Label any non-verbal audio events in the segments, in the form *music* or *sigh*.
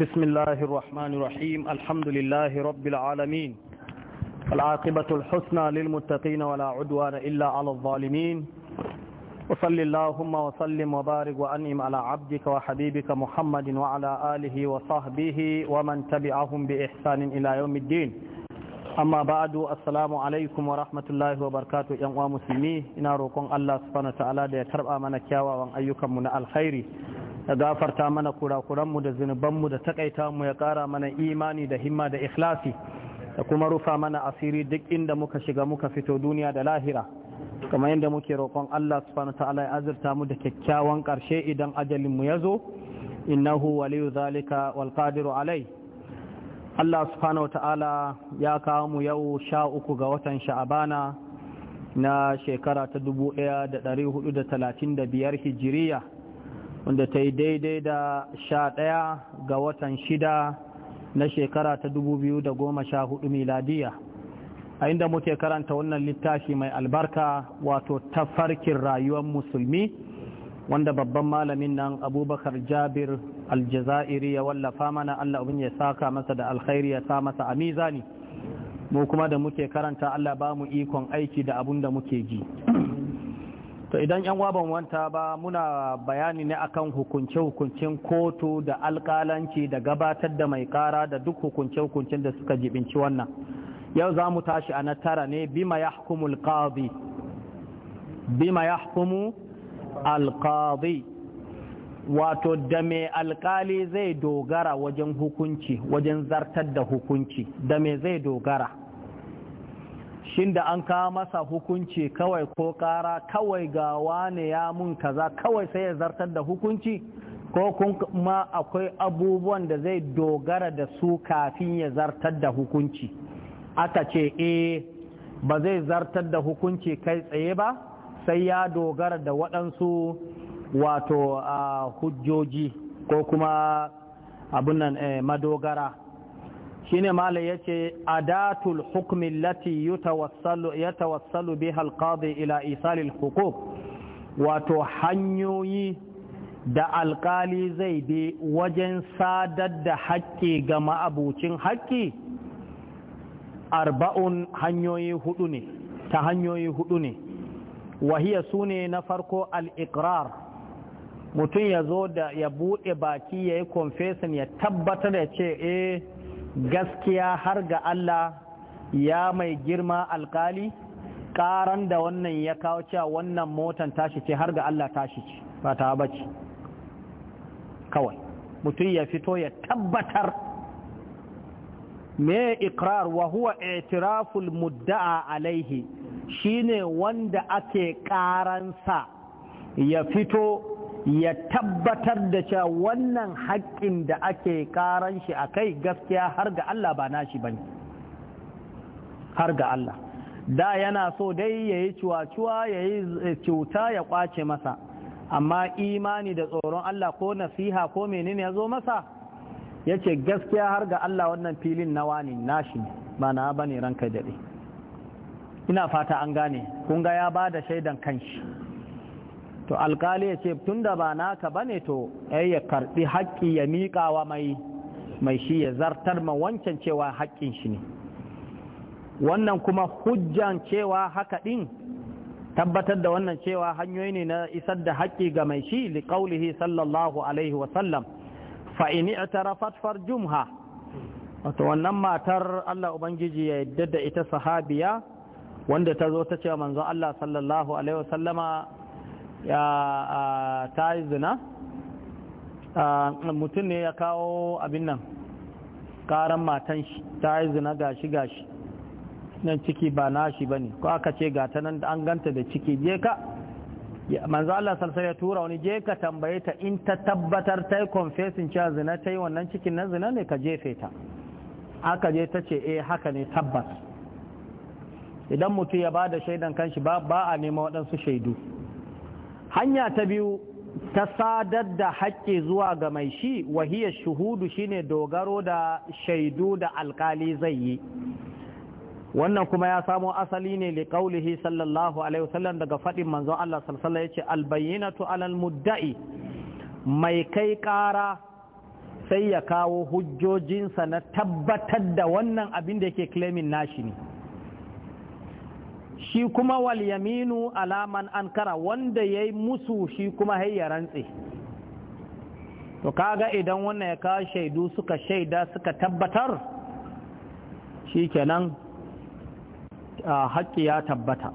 بسم الله الرحمن الرحيم الحمد لله رب العالمين العاقبة الحسنى للمتقين ولا عدوان إلا على الظالمين وصل اللهم وسلم وبارك وأنعم على عبدك وحبيبك محمد وعلى آله وصحبه ومن تبعهم بإحسان إلى يوم الدين أما بعد السلام عليكم ورحمة الله وبركاته يا مسلمي إن الله سبحانه وتعالى ليتربى من كياوا وأن أيكم من الخير da gafarta mana kurakuranmu da zunubanmu da takaita mu ya kara mana imani da himma da ikhlasi da kuma rufa mana asiri duk inda muka shiga muka fito duniya da lahira kamar yadda muke roƙon Allah subhanahu ta'ala ya azurta mu da kyakkyawan ƙarshe idan ajalin mu ya yazo innahu waliyu zalika wal qadiru alai Allah subhanahu ta'ala ya kawo mu yau sha uku ga watan sha'abana na shekara ta 1435 hijiriya wanda ta yi daidai da sha ɗaya ga watan shida na shekara ta dubu biyu da goma sha hudu miladiya a inda muke karanta wannan littafi mai albarka wato tafarkin rayuwar musulmi wanda babban malamin nan abubakar jabir aljazairi ya wallafa mana allah abin ya saka masa da alkhairi ya sa masa a mizani mu kuma da muke karanta allah ba mu ikon aiki da abun da muke ji to idan yan waban wanta ba muna bayani ne akan hukunce hukuncin kotu da alkalanci da gabatar da mai kara da duk hukunce hukuncin da suka jibinci wannan yau za mu tashi a na tara ne bima ya hukumu alkazi bima ya hukumu alkazi wato da mai alkali zai dogara wajen hukunci wajen zartar da hukunci da mai zai dogara shin da an kawo masa hukunci kawai ko kara kawai ga wane ya mun kaza kawai sai ya zartar da hukunci ko kuma akwai abubuwan da zai dogara da su kafin ya zartar da hukunci aka ce eh ba zai zartar da hukunci kai tsaye ba sai ya dogara da waɗansu wato a ah, hujjoji ko kuma abunan eh, madogara shine malai yace adatul hukmi allati yatawassalu yatawassalu biha alqadi ila isal alhuquq wato hanyoyi da alkali zai bi wajen sadar da haƙƙi ga ma'abucin haƙƙi arba'un hanyoyi hudu ne ta hanyoyi hudu ne wahiya su ne na farko al-ikrar mutum ya zo da ya buɗe baki ya yi confession ya tabbatar da ce eh gaskiya har ga Allah ya mai girma alkali karan da wannan ya kawo cewa wannan motan tashi ce har ga Allah tashi ce ba ta bace kawai mutum ya fito ya tabbatar mai ikrar wa huwa i'tiraful mudda'a alaihi shine wanda ake karansa ya fito ya tabbatar da cewa wannan haƙƙin da ake ƙaran shi a kai gaskiya har ga Allah ba nashi ne, har ga Allah da yana so dai ya yi cuwa ya yi eh, cuta ya ƙwace masa amma imani da tsoron Allah ko nasiha ko menene ya zo masa ya ce gaskiya har ga Allah wannan filin na wani nashi ba na ba ne, ranka daɗe ina fata an gane ƙunga ya ba da shaidan kanshi to alkali ya ce tun da ba naka ba ne to ai eh, ya karɓi haƙƙi ya miƙawa mai mai shi ya zartar ma wancan cewa haƙƙin shi ne wannan kuma hujjan cewa haka ɗin tabbatar da wannan cewa hanyoyi ne na isar da haƙƙi ga mai shi liƙaulihi sallallahu alaihi wasallam fa'ini a tarafat farjumha wato wannan matar Allah Ubangiji ya yadda da ita sahabiya wanda ta zo ta ce manzo Allah sallallahu alaihi wasallama ta yi zina mutum ne ya kawo abin nan karan matan shi ta yi zina gashi gashi nan ciki ba nashi ba ne ko aka ce gata nan an ganta da ciki je ka manzo Allah salsar ya tura wani je ka tambaye ta in ta tabbatar ta yi cewa zina ta yi wannan cikin na zina ne ka jefe ta aka je ta ce eh haka ne tabbas idan mutum ya bada shaidan kanshi ba a nema waɗansu shaidu hanya ta biyu ta sadar da haƙƙi zuwa ga mai shi wahiyar shuhudu shine dogaro da shaidu da alkali zai yi wannan kuma ya samo asali ne li ƙaulihi sallallahu alaihi wasallam daga fadin manzon Allah sallallahu alaihi yace albayyinatu alal mudda'i mai kai ƙara sai ya kawo hujjojinsa na tabbatar da wannan abin da yake claiming nashi ne shi kuma wal yaminu alaman ankara wanda ya yi musu shi kuma ya rantse to kaga idan wannan ya kawo shaidu suka shaida suka tabbatar shi kenan haƙƙi ya tabbata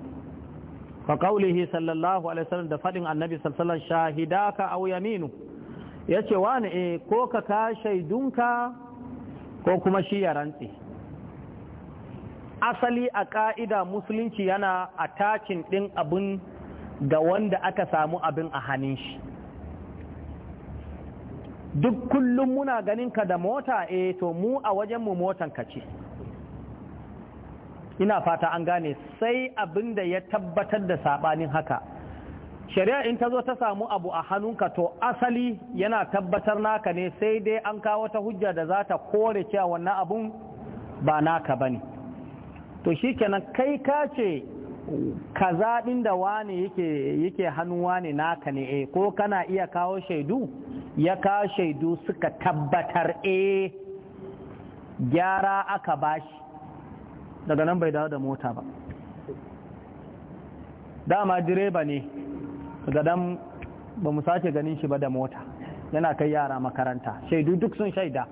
fa kaulihi sallallahu alaihi wasallam da faɗin annabi sallallahu alaihi shahidaka aw yaminu yace wani eh ko ka ka shaidunka ko kuma shi ya rantsi? asali a ƙa'ida musulunci yana a tacin ɗin abin ga wanda aka samu abin a hannun shi duk kullum muna ganin ka da mota e to mu a wajenmu motan ka ce ina fata an gane sai abin da ya tabbatar da saɓanin haka shari'a in ta zo ta samu abu a hannunka to asali yana tabbatar naka ne sai dai an kawo ta hujja da za ta kore cewa wannan abun ba naka bane to shikenan kai ka ce kaza zaɓin da wane yake hannuwa hannu naka ne eh ko kana iya kawo shaidu ya kawo shaidu suka tabbatar eh gyara aka bashi daga nan bai dawo da mota ba dama direba ne daga dan ba mu sake ganin shi ba da mota yana kai yara makaranta shaidu duk sun shaida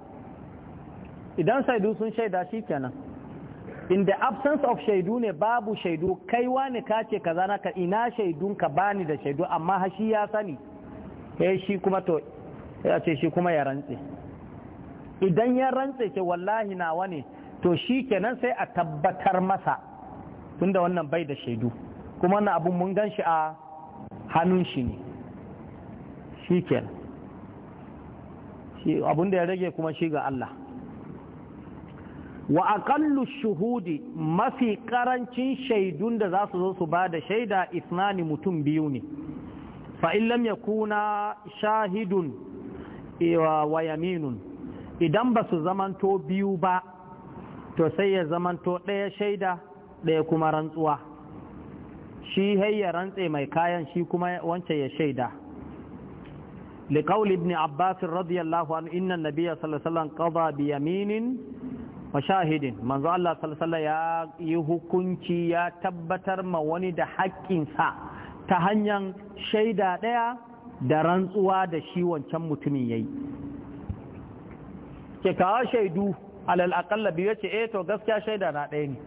idan shaidu sun shaida shi kenan in the absence of shaidu ne babu shaidu kai wani ka ce zana ka ina shaidun ka bani da shaidu amma ha shi ya sani eh shi kuma to ya ce shi kuma ya rantse idan ya rantse ce wallahi nawa ne to shi kenan sai a tabbatar masa tunda wannan bai da shaidu kuma wannan abun mun gan shi a hannun shi ne shi kenan abun da ya rage kuma shi ga Allah wa aqallu shuhudi mafi karancin shaidun da za su zo su ba da shaida isnani mutum biyu ne fa in lam yakuna shahidun wa yaminun idan ba su zamanto biyu ba to sai ya zamanto ɗaya shaida ɗaya kuma rantsuwa shi hayya rantse mai kayan shi kuma wancan ya shaida لقول ابن عباس رضي الله عنه إن النبي صلى الله عليه وسلم قضى بيمين mashahidin manzo Allah sallallahu ya yi hukunci ya tabbatar ma wani da haƙƙinsa ta hanyar shaida ɗaya da rantsuwa da shi wancan mutumin yayi ke kawo shaidu alal aqalla biyu ce eh to gaskiya shaida na ɗaya ne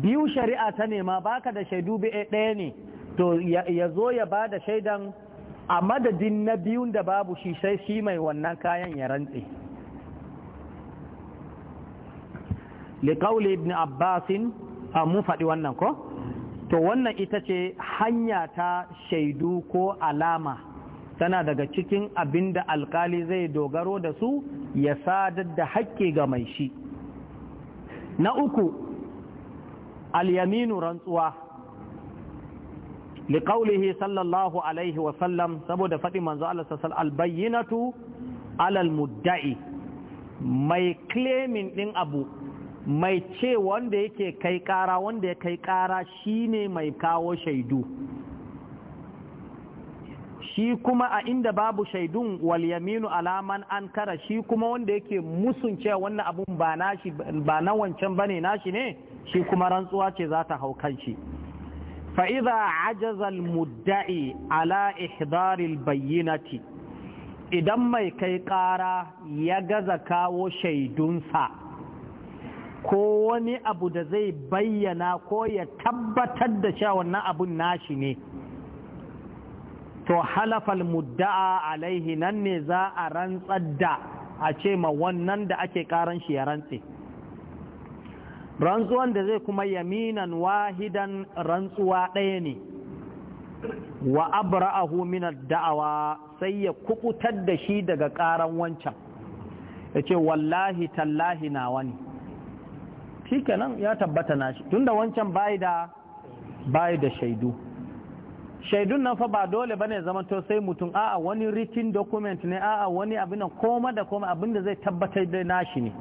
biyu shari'a ta nema baka da shaidu bi ɗaya ne to ya zo ya ba da shaidan a madadin na biyun da babu shi sai shi mai wannan kayan ya rantse liƙauli ibn abbasin a mun faɗi wannan ko to wannan ita ce hanya ta shaidu ko alama tana daga cikin abinda da zai dogaro da su ya sadar da haƙƙi ga mai shi na uku alyaminu rantsuwa liƙaulihi sallallahu alaihi wasallam saboda faɗi manzo Allah albayyinatu alal mudda'i mai claiming ɗin abu mai ce wanda yake kai kara wanda ya kai kara shine mai kawo shaidu shi kuma a inda babu shaidun wal alaman an kara shi kuma wanda yake musun cewa wannan abun ba ba na wancan bane nashi ne shi kuma rantsuwa ce za ta hau kanshi fa idza ajaza al mudda'i ala ihdar bayyinati idan mai kai kara ya gaza kawo shaidunsa ko wani abu da zai bayyana ko ya tabbatar da cewa wannan abun nashi ne to halafal mudda'a alaihi nan ne za a rantsar da a ce ma wannan da ake karan shi ya rantse rantsuwan da zai kuma yaminan wahidan rantsuwa ɗaya ne wa abra'ahu min da'awa sai ya kubutar da shi daga karan wancan ya ce wallahi tallahi na wani kenan ya tabbata nashi tunda wancan bai da bai da shaidu shaidun nan fa ba dole bane zaman to sai mutum a'a wani written document ne a'a wani abin koma da koma abin da zai tabbatar da nashi ne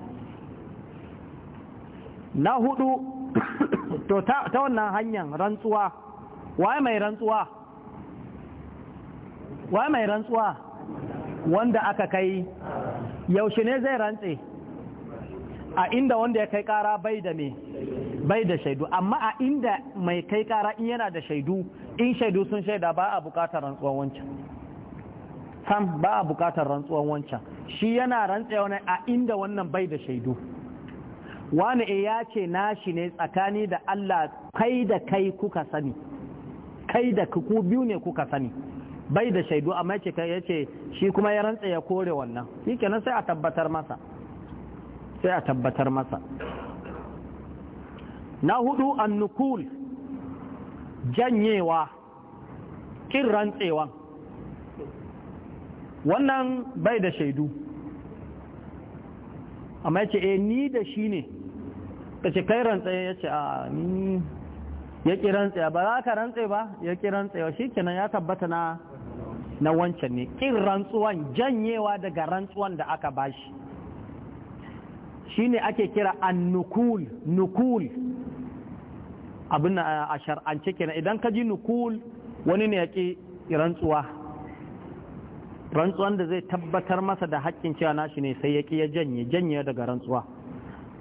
na hudu *coughs* to ta wannan hanyar rantsuwa waye mai rantsuwa waye mai rantsuwa wanda aka kai yaushe ne zai rantse a inda wanda ya kai kara bai da me bai da shaidu amma a inda mai kai kara in yana da shaidu in shaidu sun shaida ba a bukatar rantsuwan wancan sam ba a bukatar rantsuwan wancan shi yana rantsewa ne a inda wannan bai da shaidu wani e eh ya ce nashi ne tsakani da Allah kai da kai kuka sani kai da ku biyu ne kuka sani bai da shaidu amma ya ce shi kuma ya rantsa ya kore wannan shi kenan sai a tabbatar masa sai a tabbatar masa na hudu annukul janyewa kin rantsewa wannan bai da shaidu amma yace eh ni da shi ne kace kai ya yace a ni ya ba za ka rantse ba ya ki rantsewa shikenan ya tabbata na na wancan ne kin rantsuwan janyewa daga rantsuwan da aka bashi Shi ne ake kira annukul nukul abin a shar'ance kenan idan ka ji nukul wani ne ya ki rantsuwa rantsuwan da zai tabbatar masa da haƙƙin cewa nashi ne sai yaki ya janye janye daga rantsuwa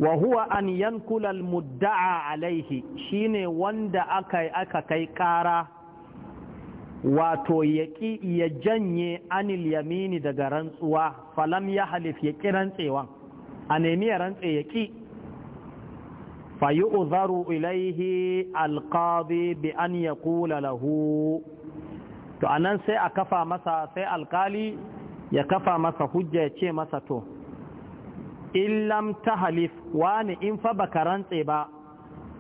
wa huwa an yankula mudda'a alaihi shine wanda aka aka kai ƙara wato yaƙi ya janye anil yamini daga rantsuwa falam ya halif ya ƙi rantsewan a nemi ya rantse ya ƙi uzaru ilaihi alqadi bi an kula lahu to a nan sai a kafa masa sai alkali ya kafa masa hujja ya ce masa to illam halif wani in fa baka rantse ba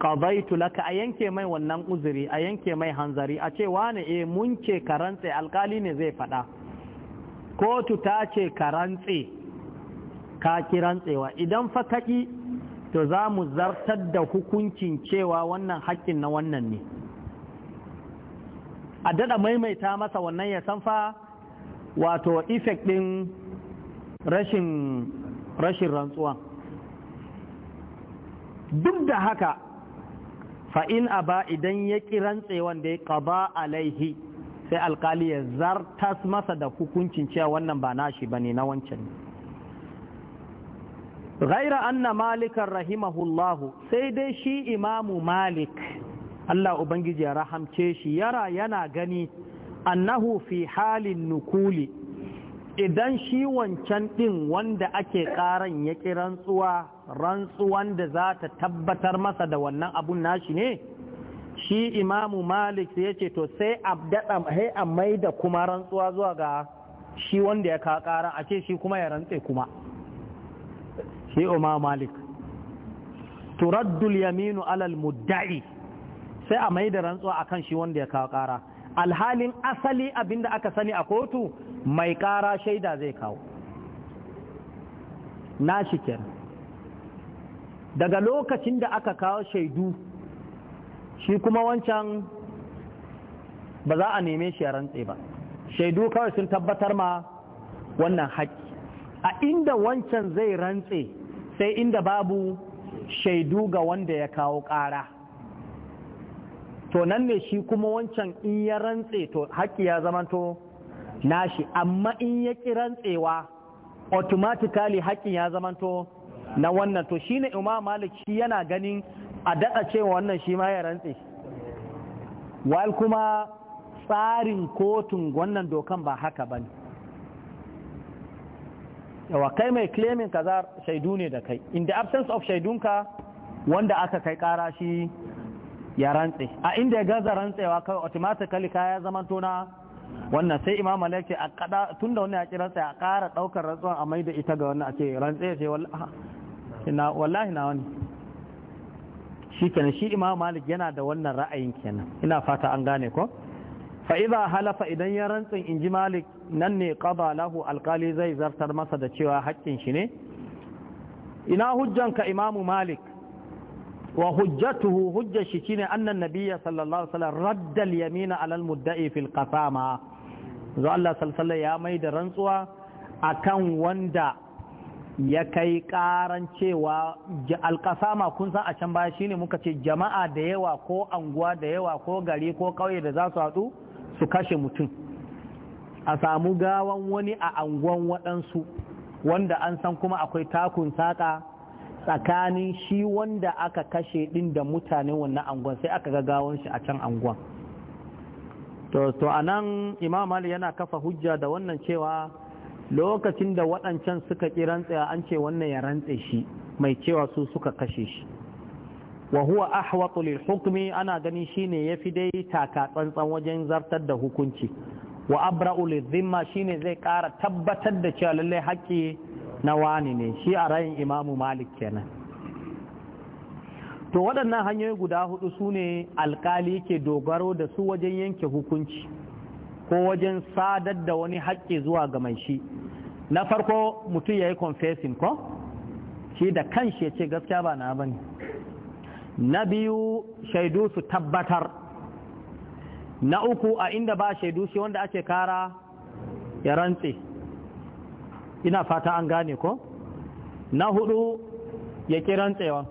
qadaitu laka a yanke mai wannan uzuri a yanke mai hanzari a ce wani eh mun ce ka rantse alkali ne zai faɗa kotu ta ce ka rantse ka kiran tsewa idan fa to za mu zartar da hukuncin cewa wannan haƙƙin na wannan ne a daɗa maimaita masa wannan ya san fa wato effect ɗin rashin rashin rantsuwa duk da haka fa'in a ba idan ya kiran rantsewan da ya ƙaba alaihi sai alkali ya zartas masa da hukuncin cewa wannan ba nashi ba ne na wancan ne ghaira anna malikan rahimahullahu sai dai shi imamu malik Allah Ubangiji ya rahamce shi yara yana gani annahu fi halin nukuli idan shi wancan ɗin wanda ake ƙaran ya ƙi rantsuwa rantsuwan da za ta tabbatar masa da wannan abun nashi ne shi imamu malik ya ce to sai a hey, a mai da kuma rantsuwa zuwa ga shi wanda ya ka ƙaran a ce shi kuma ya rantse kuma sai umar malik turaddul yaminu alal mudda'i sai a mai da rantsuwa akan shi wanda ya kawo kara alhalin asali abinda aka sani a kotu mai kara shaida zai kawo na shi daga lokacin da aka kawo shaidu shi kuma wancan ba za a neme shi a rantse ba shaidu kawai sun tabbatar ma wannan haƙi a inda wancan zai rantse sai inda babu shaidu ga wanda ya kawo ƙara to nan ne shi kuma wancan in ya rantse to haƙƙi ya zamanto nashi amma in ya ƙi rantsewa automatically haƙƙin ya zamanto na wannan to shi ne imam malik shi yana ganin a daɗa cewa wannan shi ma ya rantse wal kuma tsarin kotun wannan dokan ba haka ba ne yawa kai mai claiming zar shaidu ne da kai in the absence of shaidunka wanda aka kai kara shi ya rantse a inda ya gaza rantsewa kai automatically kaya zaman tona wannan sai imam malik a kada tun da wannan ya kira sai a kara daukar rantsuwa a mai da ita ga wannan a ce rantse ce wallahi na wani shi kenan shi imam malik yana da wannan ra'ayin kenan ina fata an gane ko fa idza halafa idan ya rantsin ji malik nan ne qada lahu alqali zai zartar masa da cewa haƙƙin shi ne ina hujjanka imamu malik wa hujjatuhu hujjar shi ne, annan nabiyya sallallahu alaihi wasallam radda yamina ala muddai fil qasama zo Allah sallallahu ya mai da rantsuwa akan wanda ya kai karan cewa alkasama kun san a can baya shine muka ce jama'a da yawa ko anguwa da yawa ko gari ko ƙauye da za su haɗu su kashe mutum a samu gawan wani a angon waɗansu wanda an san kuma akwai takun saƙa tsakanin shi wanda aka kashe ɗin da mutane wannan angon sai aka ga gawan shi a can angon to to anan imam ali yana kafa hujja da wannan cewa lokacin da waɗancan suka ƙi rantsa an ce wannan ya rantse shi mai cewa su suka kashe shi wa huwa ahwatu lil hukmi ana ganin shine yafi dai taka tsantsan wajen zartar da hukunci wa abra'u lil dhimma shine zai kara tabbatar da cewa lalle haƙi na wani ne shi a rayin imamu malik kenan to waɗannan hanyoyi guda hudu sune alkali ke dogaro da su wajen yanke hukunci ko wajen sadar da wani haƙƙi zuwa ga mai shi na farko mutum ya yi confessing ko shi da kanshi ya ce gaskiya ba na bane na biyu shaidu su tabbatar na uku a inda ba shaidu shi wanda ake kara ya rantse ina fata an gane ko na hudu ya ki rantsewa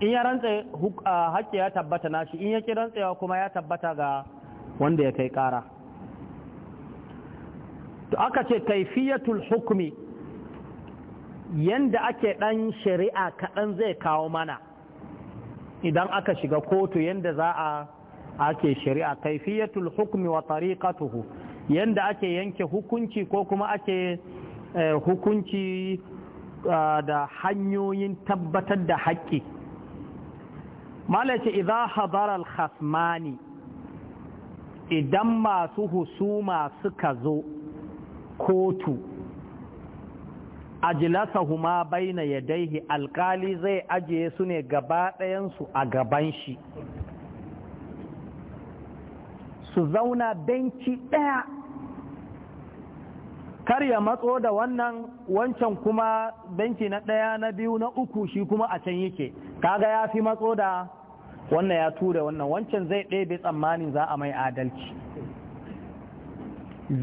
in ya rantse haƙƙi ya tabbata nashi in ya ki rantsewa kuma ya tabbata ga wanda ya kai kara to aka ce kaifiyatul hukmi yanda ake dan shari'a kaɗan zai kawo mana idan aka shiga kotu yadda za a ake shari'a kaifiyatul hukmi wa tariqatuhu yanda ake yanke hukunci ko kuma ake eh, hukunci ah, da hanyoyin tabbatar da haƙƙi malaka idza hadara al-khasmani idan masu husuma suka zo kotu ajlasahuma baina yadayhi alkali zai ajiye su ne gaba ɗayansu a gaban shi su zauna benci ɗaya kar ya matso da wannan wancan kuma benci na ɗaya na biyu na uku shi kuma a can yake kaga ya fi matso da wannan ya tura wannan wancan zai ɗebe tsammanin za a mai adalci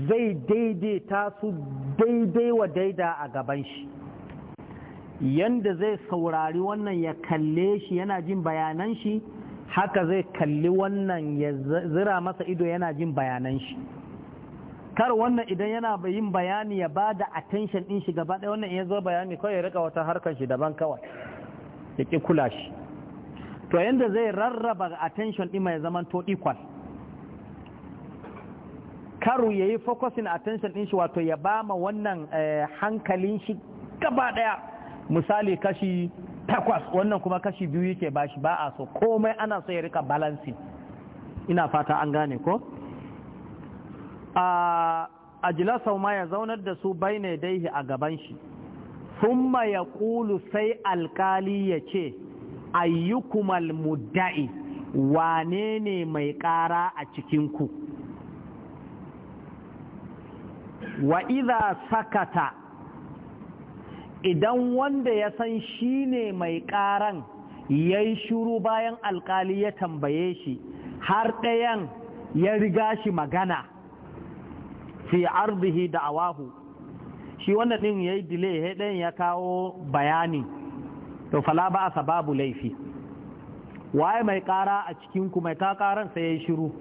zai daidaita su daidai wa daida a gaban shi yanda zai saurari wannan ya kalle shi yana jin bayanan shi haka zai kalli wannan ya zira masa ido yana jin bayanan shi kar wannan idan yana yin bayani ya ba da attention din shi gaba ɗaya wannan ya zo bayani kawai ya rika wata harkar shi daban kawai ya ƙi kula shi to yanda zai rarraba attention din mai zaman to equal karu ya yi focusing attention ɗin shi wato ya ba ma wannan eh, hankalin shi gaba ɗaya misali kashi takwas wannan kuma kashi biyu yake ba shi ba a so komai ana so ya rika balansi ina fata an gane ko a sau ma ya zaunar da su bai ne daihi a gaban shi summa ya ƙulu sai alkali ya ce ayyukumal mudda'i wane ne mai ƙara a cikinku wa iza sakata idan wanda ya san shi mai ƙaran ya yi shuru bayan alkali ya tambaye shi har ɗayan ya riga shi magana fi arzihi da awahu shi wanda ɗin ya yi dile ɗayan ya kawo bayani to fala ba a sababu laifi waye mai ƙara a cikinku mai ka ƙaran sai ya yi shuru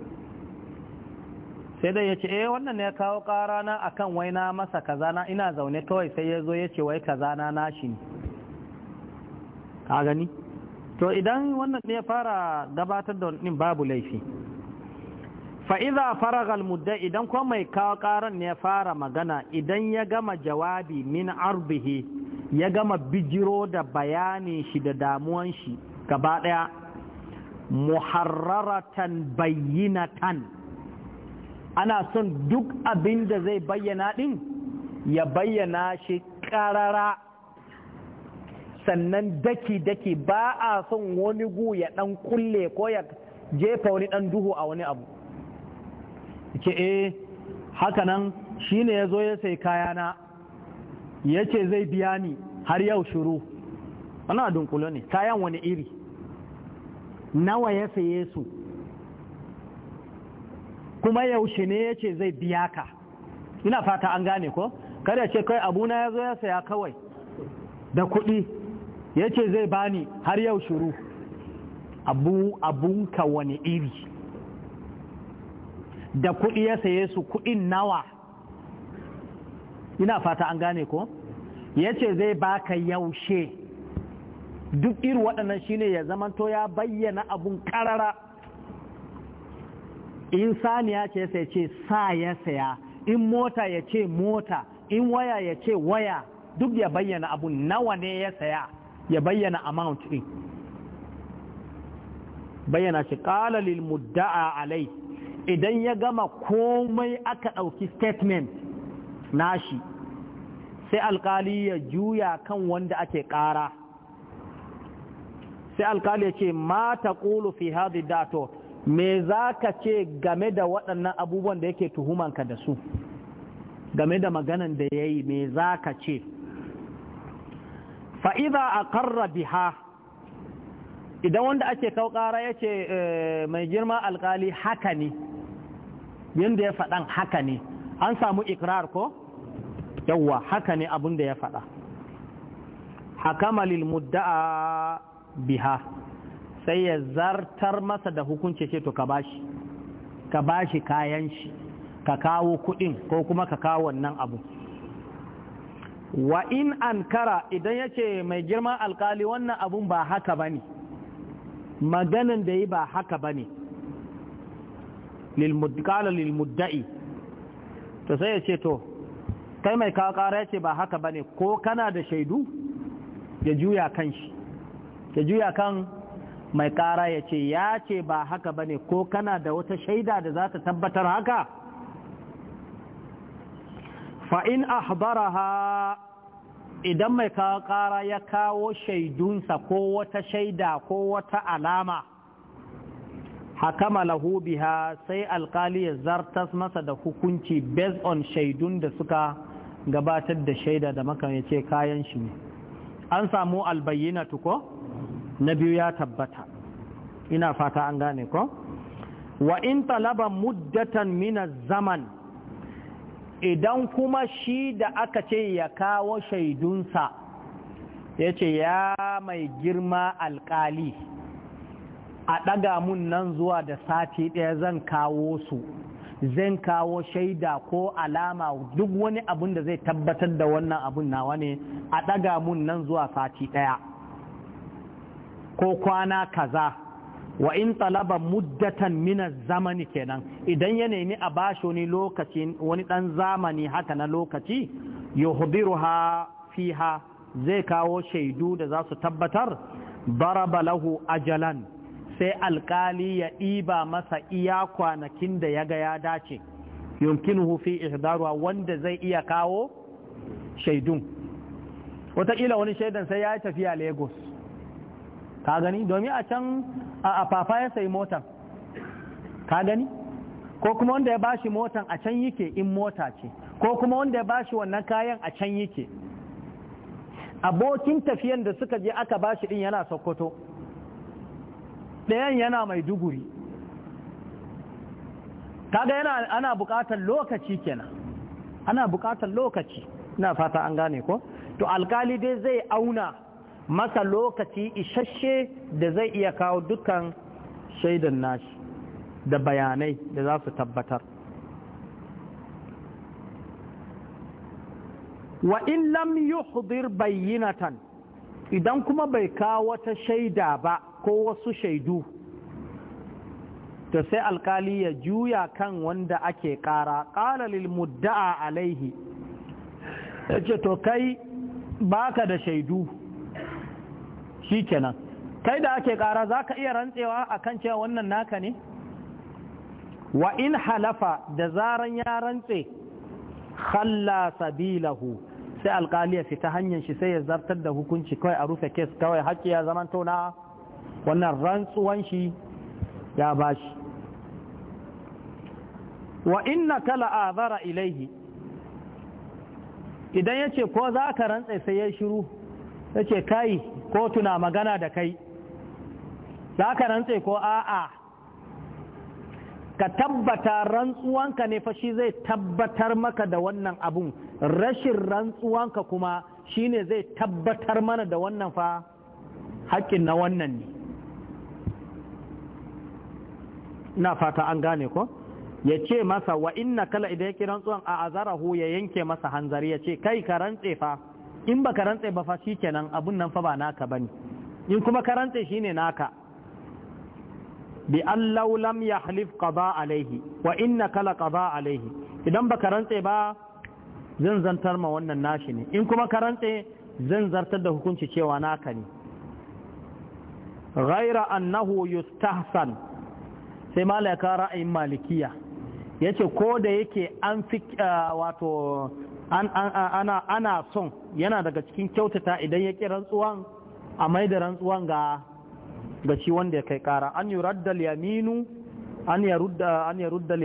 sai dai ya ce eh wannan ne ya kawo kara na akan wai na masa na ina zaune kawai sai ya zo ya ce wai kazana na shi ne ka gani to idan wannan ne ya fara gabatar da wani babu laifi fa'iza faragal mudda idan kuma mai kawo karan ne ya fara magana idan ya gama jawabi min arbihi ya gama bijiro da bayanin shi da damuwan shi gaba ɗaya muharraratan bayyinatan ana son duk abin da zai bayyana ɗin ya bayyana shi ƙarara sannan daki-daki ba a son wani gu ya ɗan kulle ko ya jefa wani ɗan duhu a wani abu ke e eh, hakanan shi ne ya zo ya sai kayana ya ce zai biya ni har yau shuru ana dunkulo ne kayan wani iri nawa ya saye su kuma yaushe ne ya ce zai biya ka ina fata an gane ko kada ce kai abuna ya zo ya saya kawai da kuɗi ya ce zai bani har yau shuru abu abunka wani iri da kuɗi ya saye su kuɗin nawa ina fata an gane ko ya ce zai baka yaushe duk iri waɗannan shine ya zamanto ya bayyana abun ƙarara in saniya ce sai ce sa ya saya in mota ya ce mota in waya ya ce waya duk ya bayyana abu nawa ne ya saya ya bayyana amount din bayyana shi ƙala lil mudda'a alai idan ya gama komai aka ɗauki statement nashi sai alkali ya juya kan wanda ake ƙara sai alkali ya ce ma ta fi hadhi dato me za ka ce game da waɗannan abubuwan da yake tuhumanka da su game da maganan da ya yi me za ka ce fa'iza a ƙarra biha idan wanda ake ƙara ya ce eh, mai girma alƙali haka ne yadda ya faɗan haka ne an samu ikrar ko yawwa haka ne abin da ya faɗa hakamalil mudda'a biha sai ya zartar masa da hukunci ce to ka bashi ka bashi kayan shi ka kawo kuɗin ko kuma ka kawo wannan abu wa in ankara idan ya mai girma alkali wannan abun ba haka bane maganan da yi ba haka lil mudqala lil mudda'i to sai ya to kai mai kawo kara ya ba haka bane ko kana da shaidu ya juya kan shi ya juya kan mai ƙara ya ce ya ce ba haka ba ne ko kana da wata shaida da za ta tabbatar haka fa'in ha, idan mai kawo ƙara ya kawo shaidunsa ko wata shaida ko wata alama hakama lahu biha sai alkali ya zartas masa da hukunci based on shaidun da suka gabatar da shaida da maka ce kayan shi ne an samu albayyana tukwa? na biyu ya tabbata ina fata an gane ko wa in talaba muddatan mina zaman idan kuma shi da aka ce ya kawo shaidunsa ya ce ya mai girma alkali a ɗaga mun nan zuwa da sati ɗaya zan kawo su zan kawo shaida ko alama duk wani abun da zai tabbatar da wannan abun nawa ne a ɗaga mun nan zuwa sati ɗaya ko kwana kaza wa in talaba muddatan mina zamani kenan idan ya nemi a basho wani lokaci wani dan zamani haka na lokaci yuhdiruha fiha zai kawo shaidu da za su tabbatar baraba lahu ajalan sai alkali ya ɗiba masa iya kwanakin da ya ga ya dace yumkinuhu hufi ihdaruwa wanda zai iya kawo shaidun wataƙila wani shaidan sai ya yi tafiya lagos ka gani domin a can a fafa ya sai motan ka gani ko kuma wanda ya bashi motan a can yake in mota ce ko kuma wanda ya bashi wannan kayan a can yake abokin tafiyan da suka je aka bashi din yana sokoto ɗayan yana mai duguri kaga yana ana buƙatar lokaci kenan ana buƙatar lokaci na fata an gane ko to alkali dai zai auna masa lokaci isasshe da zai iya kawo dukan shaidan nashi da bayanai da za su tabbatar wa in lam yuhdir bayyinatan idan kuma bai kawo wata shaida ba ko wasu shaidu ta sai alkali ya juya kan wanda ake kara ƙara lil mudda'a alaihi ya ce to kai baka da shaidu Shi kenan, kai da ake kara za ka iya rantsewa a kan cewa wannan naka ne wa in halafa da zaran ya rantse khalla sabilahu sai alkali ya fita hanyar shi sai ya zartar da hukunci kawai a rufe kes kawai haƙƙi ya zama tona wannan rantsuwan shi ya bashi wa inna kala azara ilaihi idan ya ce ko za ka rantse sai ya shiru ta ce kai ko tuna magana da kai za ka rantse ko a'a ka tabbata rantsuwanka ne fashi shi zai tabbatar maka da wannan abun rashin rantsuwanka kuma shine zai tabbatar mana da wannan fa haƙƙin na wannan ne na fata an gane ko ya ce masa wa inna kala idan ya ki rantsuwan a azarahu ya yanke masa hanzari ya ce kai ka rantse fa in baka rantse ba fa shikenan abun nan fa ba naka bane in kuma ka rantse shine naka bi Allah lam yahlif qada alaihi wa innaka la qada alaihi idan baka rantse ba zan zantar ma wannan nashi ne in kuma ka rantse zan zartar da hukunci cewa naka ne ghaira annahu yustahsan sai malaka ra'ayin malikiya yace ko da yake an fi uh, wato ana son yana daga cikin kyautata idan ya ƙi rantsuwan a mai da rantsuwan ga ga shi wanda ya kai ƙara an yi raddal yaminu an ya rudda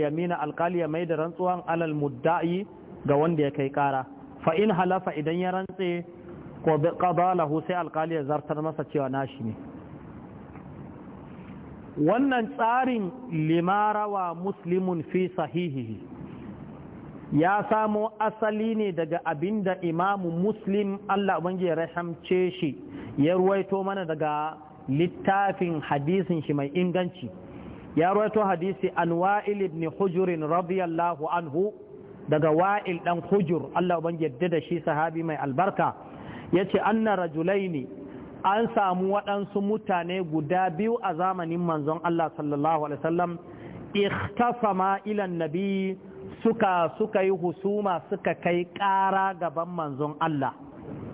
ya mai da rantsuwan alal mudda'i ga wanda ya kai ƙara fa in halafa idan ya rantse ko qada sai ya zartar masa cewa nashi ne wannan tsarin limarawa muslimun fi sahihihi ya samo asali ne daga abinda imamu muslim Allah ubangi ya rahamce shi ya ruwaito mana daga littafin hadisin shi mai inganci ya ruwaito hadisi an wa'il ibn hujurin radiyallahu anhu daga wa'il dan hujur Allah ubangi ya da shi sahabi mai albarka ya ce anna rajulaini an samu waɗansu mutane guda biyu a zamanin manzon Allah sallallahu alaihi wasallam ikhtasama ila nabi suka suka yi husuma suka kai ƙara gaban manzon Allah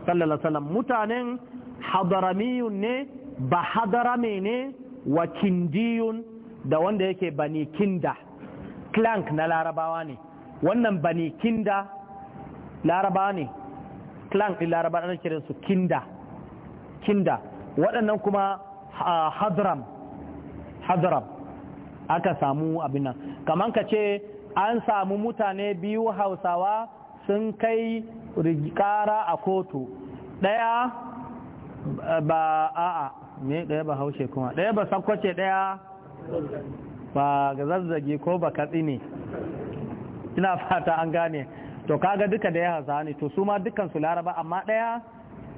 sallallahu alaihi mutanen hadaramiyun ne ba hadarame ne wa kindiyun da wanda yake bani kinda clank na larabawa ne wannan bani kinda larabawa ne clank din larabawa kiran su kinda kinda waɗannan kuma hadram hadram aka samu abin nan kamar ka ce an samu mutane biyu hausawa sun kai rikara a kotu ɗaya ba a'a me ɗaya ba haushe kuma ɗaya ba sakwace ɗaya ba ga zazzage ko ba katsi ne ina fata an gane to kaga duka da ya hasa ne to su ma dukansu laraba amma ɗaya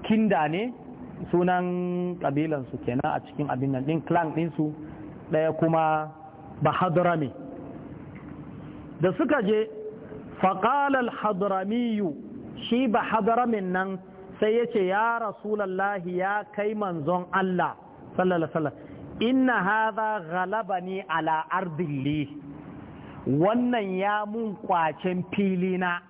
kinda ne sunan ƙabilansu kenan a cikin abin nan ɗin clan ɗinsu ɗaya kuma bahadura da suka je faƙalar hadramiyu shi ba hadramin nan sai ya ce ya rasulallahi ya kai manzon Allah sallallahu inna haza galaba ne ala ardilli wannan ya mun kwacen filina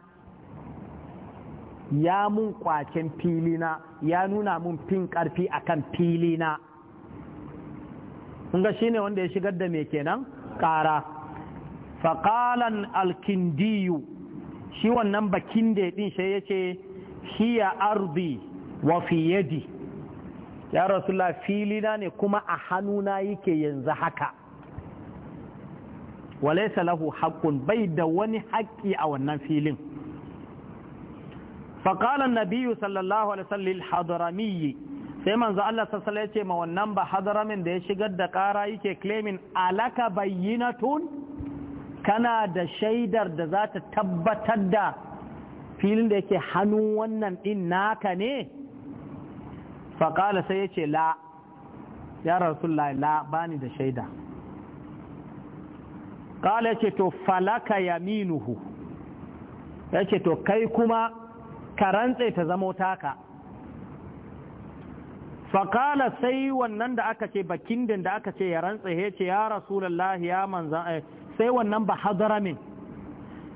ya mun kwacen filina ya nuna mun fin karfi akan filina kun ga shine wanda ya shigar da me kenan ƙara faƙalan alkindiyu shi wannan bakin da ɗin shi ya ce hiya ardi wa fi ya rasulullah filina ne kuma a hannuna yake yanzu haka Wale-salahu haƙƙun bai da wani haƙƙi a wannan filin faƙalan nabiyu sallallahu alaihi wasallam sai manzo Allah sassala ya ce ma wannan ba hadaramin da ya shigar da ƙara yake claiming alaka bayyinatun kana da shaidar da za ta tabbatar da filin da yake hannun wannan ɗin naka ne faƙala sai ya ce la ya rasulullah la bani da shaida ƙala ya ce to falaka ya minuhu ya ce to kai kuma ka rantse ta zamo taka faƙala sai wannan da aka ce bakin da aka ce ya rantse ya ce ya rasulallah ya manzan eh, sai wannan ba min.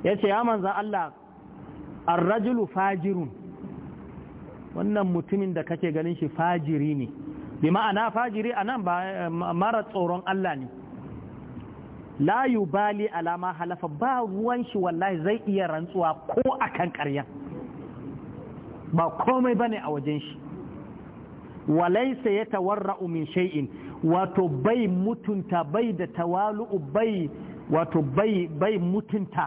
ya ce ya manza Allah arrajulu fajirun wannan mutumin da kake ganin shi fajiri ne bi ma'ana fajiri a nan ba mara tsoron Allah ne la bali alama halafa ba ruwan shi wallahi zai iya rantsuwa ko a kan karya ba komai ba ne a wajen shi walaisa ya tawarra'u min shay'in wato bai mutunta bai da tawalu'u bai wato bai bai mutunta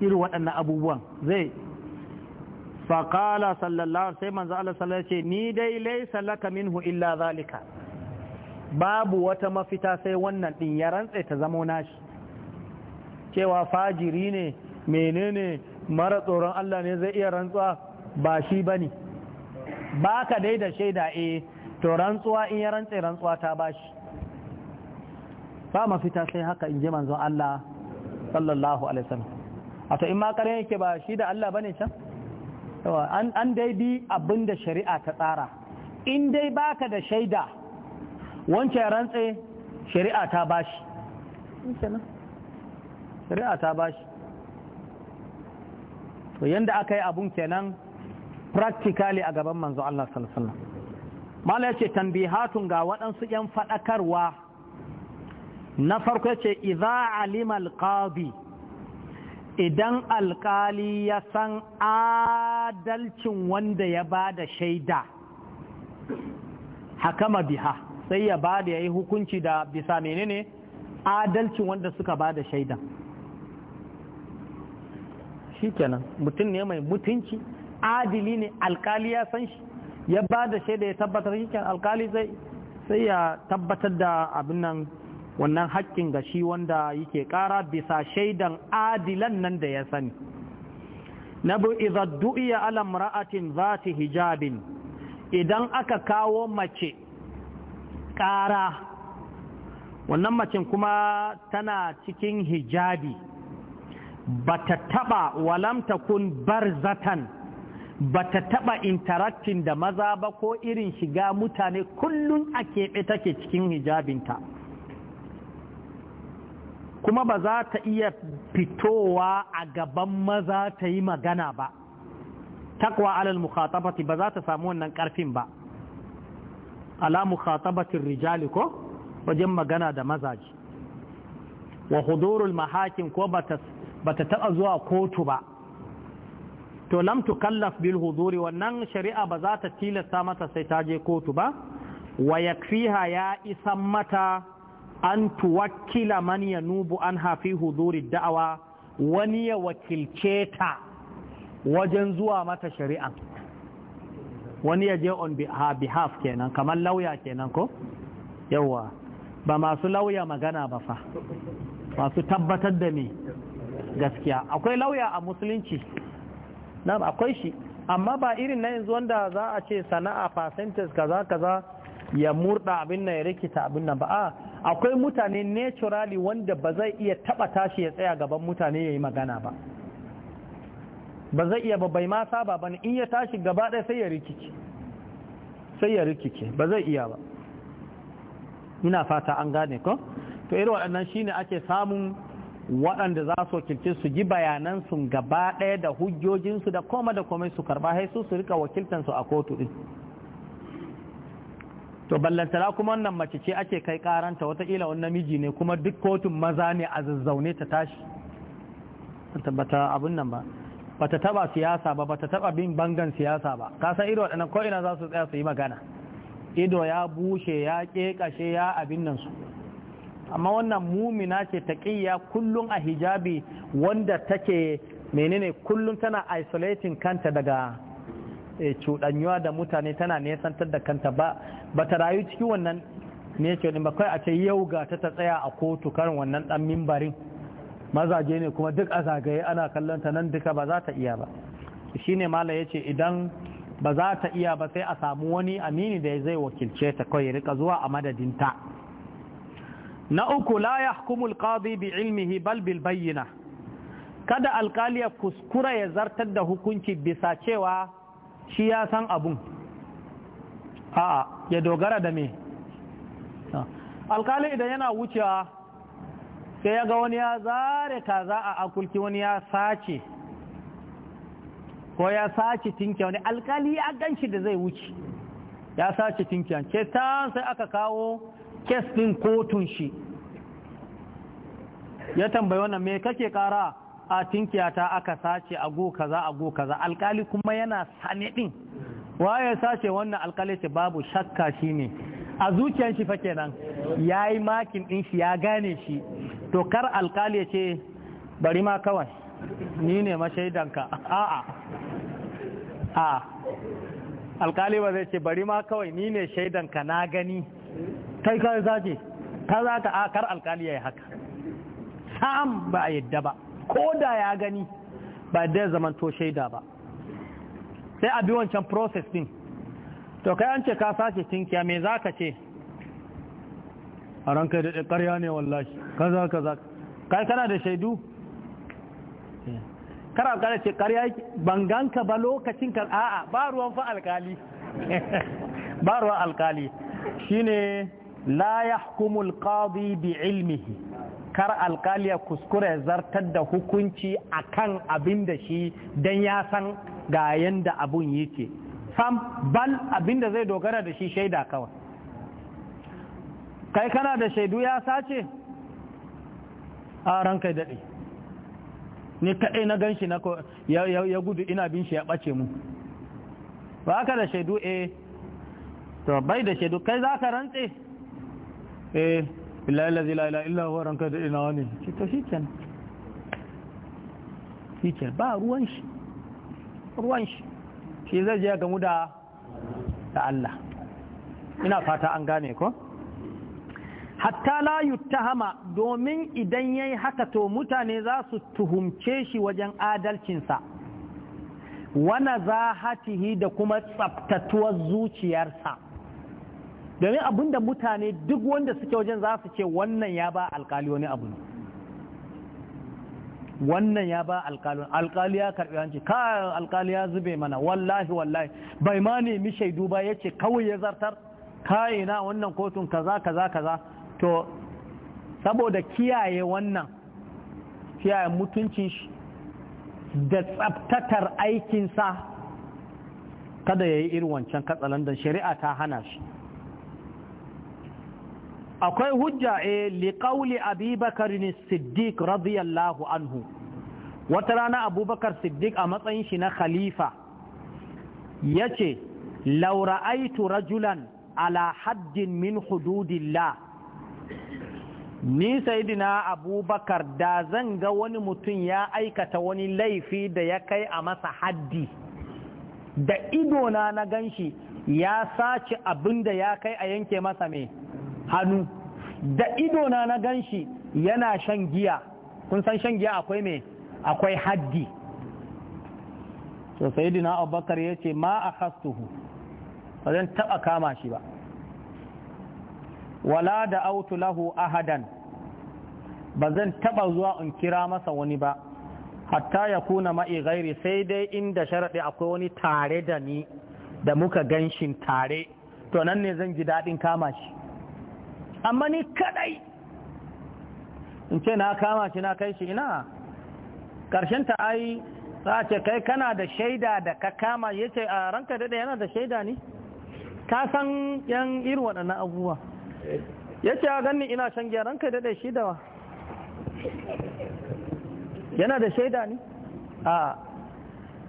irin waɗannan abubuwan zai faƙala sallallahu sai manzo Allah sallallahu ce ni dai laisa laka minhu illa zalika babu wata mafita sai wannan din ya rantsa ta zamo nashi cewa fajiri ne menene mara tsoron Allah ne zai iya rantsuwa ba shi bane baka dai da shaida eh to rantsuwa in ya rantsa rantsuwa ta bashi ba mafita sai haka in ji manzon Allah sallallahu alaihi wasallam a to in ma kare yake ba shi da Allah bane can an an dai bi abinda shari'a ta tsara in dai baka da shaida wancan rantse shari'a ta bashi shari'a ta bashi to yanda aka yi abun kenan practically a gaban manzo Allah sallallahu alaihi wasallam mala yace tanbihatun ga waɗansu 'yan faɗakarwa na farko yace idza alima alqadi idan alkali ya san adalcin wanda ya bada shaida hakama biha sai ya bada yayi hukunci da bisa menene adalcin wanda suka bada shaida shi kenan mutum ne mai mutunci adili ne alqali ya san shi ya bada shaida ya tabbatar shi alqali sai ya tabbatar da abin nan wannan haƙƙin ga shi wanda yake ƙara bisa shaidan adilan nan da ya sani na bu izaddu'iya alam ra'atin ta hijabin idan aka kawo mace ƙara wannan macin kuma tana cikin hijabi ba ta taɓa walamta kun bar barzatan ba ta taɓa interaktin da maza ba ko irin shiga mutane kullum a keɓe take cikin hijabinta kuma ba za ta iya fitowa a gaban maza ta yi magana ba takwa alal mukhatabati ba za ta samu wannan karfin ba ala mukhatabatin rijali ko wajen magana da mazaji wa hudurul mahakin ko ba ta taɓa zuwa kotu ba to lam tukallaf bil huduri wannan shari'a ba za ta tilasta mata sai ta je kotu ba wa ya isan mata an tuwakkila man ya nubu an hafi huzuri da'awa wani ya wakilce ta wajen zuwa mata shari'a wani ya je on behalf kenan kamar lauya kenan ko yawa ba masu lauya magana ba fa masu tabbatar da ne gaskiya akwai lauya a musulunci na akwai shi amma ba irin na yanzu wanda za a ce sana'a percentage kaza kaza ya murda abin na ya rikita abin na ba a akwai mutane naturally wanda ba zai iya taba tashi ya tsaya gaban mutane ya yi magana ba ba zai iya bai ma saba ba in ya tashi gaba ɗaya sai ya rikice sai ya rikice ba zai iya ba ina fata an gane ko to irin waɗannan shine ake samun waɗanda za su wakilce su ji bayanansu gaba ɗaya da hujjojinsu da koma da komai su karɓa haisu su rika wakiltansu a kotu ɗin to ballantana kuma wannan mace ce ake kai karanta ila wani namiji ne kuma duk kotun maza ne a zazzaune ta tashi bata abun nan ba bata taba siyasa ba bata taba bin bangan siyasa ba kasa ido waɗannan ko'ina za su tsaya su yi magana ido ya bushe ya ƙeƙashe ya abin nan su amma wannan mumina ce ta ƙiyya kullum a hijabi wanda take menene kullum tana isolating kanta daga cuɗanyuwa da mutane tana nesantar da kanta ba ba ta rayu cikin wannan ne ke ba kai a ce yau ga ta tsaya a kotu karin wannan ɗan mimbarin mazaje ne kuma duk a zagaye ana kallon ta nan duka ba za ta iya ba shine mala ya ce idan ba za ta iya ba sai a samu wani amini da zai wakilce ta kawai rika zuwa a madadin ta. na uku la yahkumu alqadi bi ilmihi bal bil bayyina kada alkali kuskura ya zartar da hukunci bisa cewa shi ya san abun a'a ya dogara da me alkali idan yana wucewa sai ya ga wani ya zare kaza a akulki wani ya sace ko ya sace tinkiya wani alkali ya ganci da zai wuce ya sace tinkiya ke ta sai aka kawo kes ɗin kotun shi ya tambayi wannan me kake kara a tinkiyata aka sace a go kaza a go kaza alkali kuma yana sane din waye sace wannan alkali ce babu shakka shine a zuciyar shi fa kenan yayi makin din shi ya gane shi to kar alkali ya ce bari ma kawai ni ne mashaidanka a'a a alkali ba zai ce bari ma kawai ni ne shaidanka na gani kai kai zaje ka za ka a kar alkali ya yi haka sam ba a yadda ba ko da ya gani ba da to shaida ba sai a bi wancan process din to kai an ce ka sace tinkiya me za ka ce a ranka da ƙarya ne wallahi kaza kaza kai kana da shaidu kara alƙali ce ƙarya banganka ba lokacin ka a'a ba ruwan fa alkali *laughs* ba ruwan alkali shine la yahkumul qadi bi ilmihi kar alkali ya kuskure zartar da hukunci a kan abin da shi don ya san ga yanda abun yake sam bal abin da zai dogara da shi shaida kawai kai kana da shaidu ya sace a kai daɗe ni kaɗai na ganshi na ya gudu ina bin shi ya ɓace mu ba ka da shaidu eh to bai da shaidu kai za ka rantse eh billahi la ilaha illa huwa ranka da ina wani shi to shi shikenan ba ruwan shi ruwan shi shi zai je gamu da da Allah ina fata an gane ko hatta ta hama domin idan ya yi haka to mutane za su tuhumce shi wajen adalcinsa wana zahatihi da kuma tsaftatuwar zuciyarsa domin abin da mutane duk wanda suke wajen za su ce wannan ya ba alkali wani abu ne wannan ya ba alkali alkali ya karbi hanci ka alkali ya zube mana wallahi wallahi bai ma nemi shaidu ba ya ce kawai ya zartar kayina wannan kotun kaza kaza kaza to saboda kiyaye wannan kiyaye mutuncin shi da tsabtatar aikinsa kada ya yi irin wancan katsalandan shari'a ta hana shi akwai hujja e eh, liƙauli abubakar ne siddiq radiyallahu anhu wata rana abubakar siddiq a matsayin shi na khalifa ya ce laura aitu rajulan ala haddin min hududillah ni sayidina abubakar da zan ga wani mutum ya aikata wani laifi da ya kai a masa haddi da idona na ganshi ya sace abin da ya kai a yanke masa mai hannu da idona na ganshi yana shan giya kun san shan giya akwai mai akwai haddi to sayyidina abubakar ya ce ma a hastuhu ba zan taɓa kama shi ba wala da autu lahu ahadan ba zan taɓa zuwa in kira masa wani ba hatta ya kuna ma'i gairi sai dai inda sharaɗi akwai wani tare da ni da muka ganshin tare to nan ne zan ji daɗin kama shi amma ni kadai in ce na kama shi na kai shi ina ƙarshen ta ai za ce kai kana da shaida da ka kama ya ce a ranka daɗa yana da shaida ne ka san yan irin waɗannan abubuwa ya ce a ganin ina shan giya ranka daɗa shi da wa? yana da shaida ne a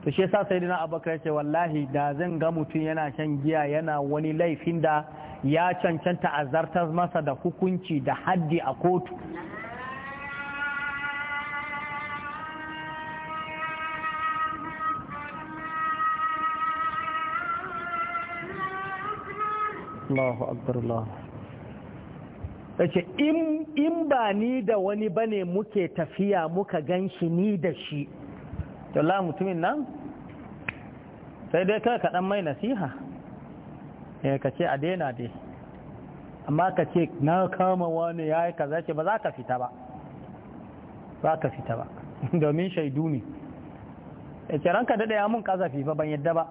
to shi sa sai dina abokai ce wallahi da zan ga mutum yana shan giya yana wani laifin da ya cancanta a zartar masa da hukunci da haddi a kotu Allahu in ba ni da wani bane muke tafiya muka gan shi ni da shi to la mutumin nan sai dai kai kaɗan mai nasiha Eh, ka ce a daina dai amma ka ce na kama wani ya yi kaza ce ba za ka fita ba za ka fita ba *laughs* domin shaidu ne ya ce ranka daɗa ya mun kazafi fa ban yadda ba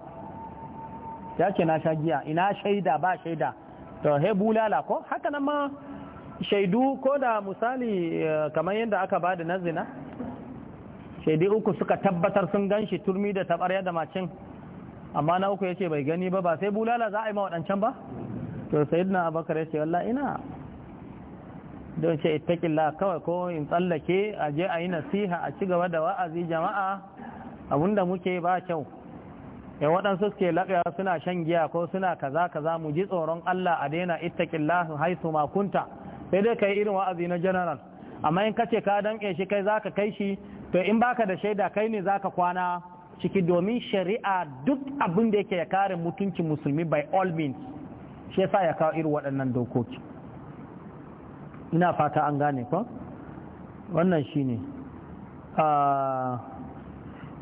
ya ce na sha giya ina shaida ba shaida to he bulala ko haka nan ma shaidu ko da misali eh, kamar yadda aka ba da nazina shaidu uku suka tabbatar sun gan shi turmi da tabar yadda macin amma na uku ya ce bai gani ba ba sai bulala za a yi mawaɗancan ba to sayyidina abakar ya ce wallah ina don ce ittaƙilla kawai ko in tsallake a je a yi nasiha a ci gaba da wa'azi jama'a abinda muke ba kyau ya waɗansu suke laɓewa suna shan giya ko suna kaza kaza mu ji tsoron Allah a daina su haisu makunta sai dai ka yi irin wa'azi na general amma in ka ce ka danƙe shi kai za ka kai shi to in baka da shaida kai ne za ka kwana ciki domin shari'a duk abin da yake ya kare mutuncin musulmi by all means shi yasa ya kawo irin waɗannan dokoki ina fata an gane ko wannan shine ah,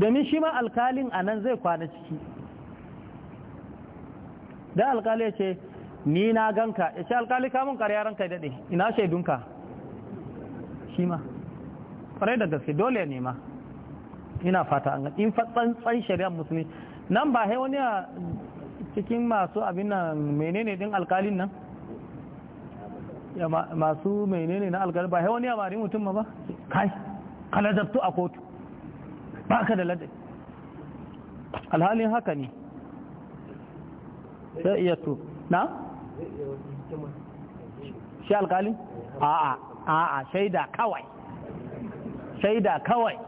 domin shi ma alkalin a nan zai kwana ciki da alkali ya ce ni na ganka ya ce alkali kamun karya ranka ya daɗe ina shaidunka shi ma kwarai da gaske dole ne ma ina fata an in tsan shari'ar musulmi nan ba hai wani a cikin masu abin nan menene din alkalin nan masu menene na alkalin ba hai wani a mari mutum ma ba kai kalazabtu a kotu ba ka da ladai alhalin haka ne sai iya to na? shi alkalin? a'a a'a shaida kawai shaida kawai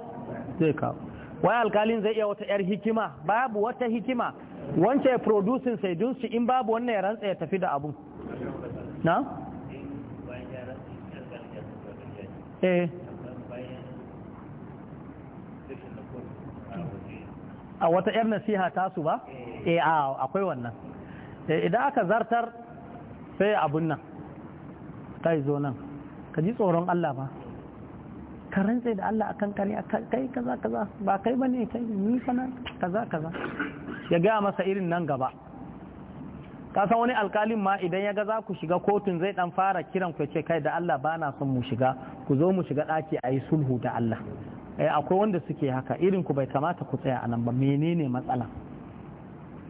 zai kawo wai alkalin zai iya wata yar hikima babu wata hikima wancan producing sai shi in babu wannan ya rantsa ya tafi da abu na? eh a wata yar nasiha tasu ba? eh, eh a akwai wannan eh, idan aka zartar sai abun nan kai zo nan ka ji tsoron Allah ba ka rantse da Allah akan kariya kai kaza kaza ba kai bane kai ni fana kaza kaza ya ga masa irin nan gaba ka san wani alkalin ma idan ya ga za ku shiga kotun zai dan fara kiran ku ce kai da Allah ba na son mu shiga ku zo mu shiga daki ayi sulhu da Allah eh akwai wanda suke haka irin ku bai kamata ku tsaya anan ba menene matsala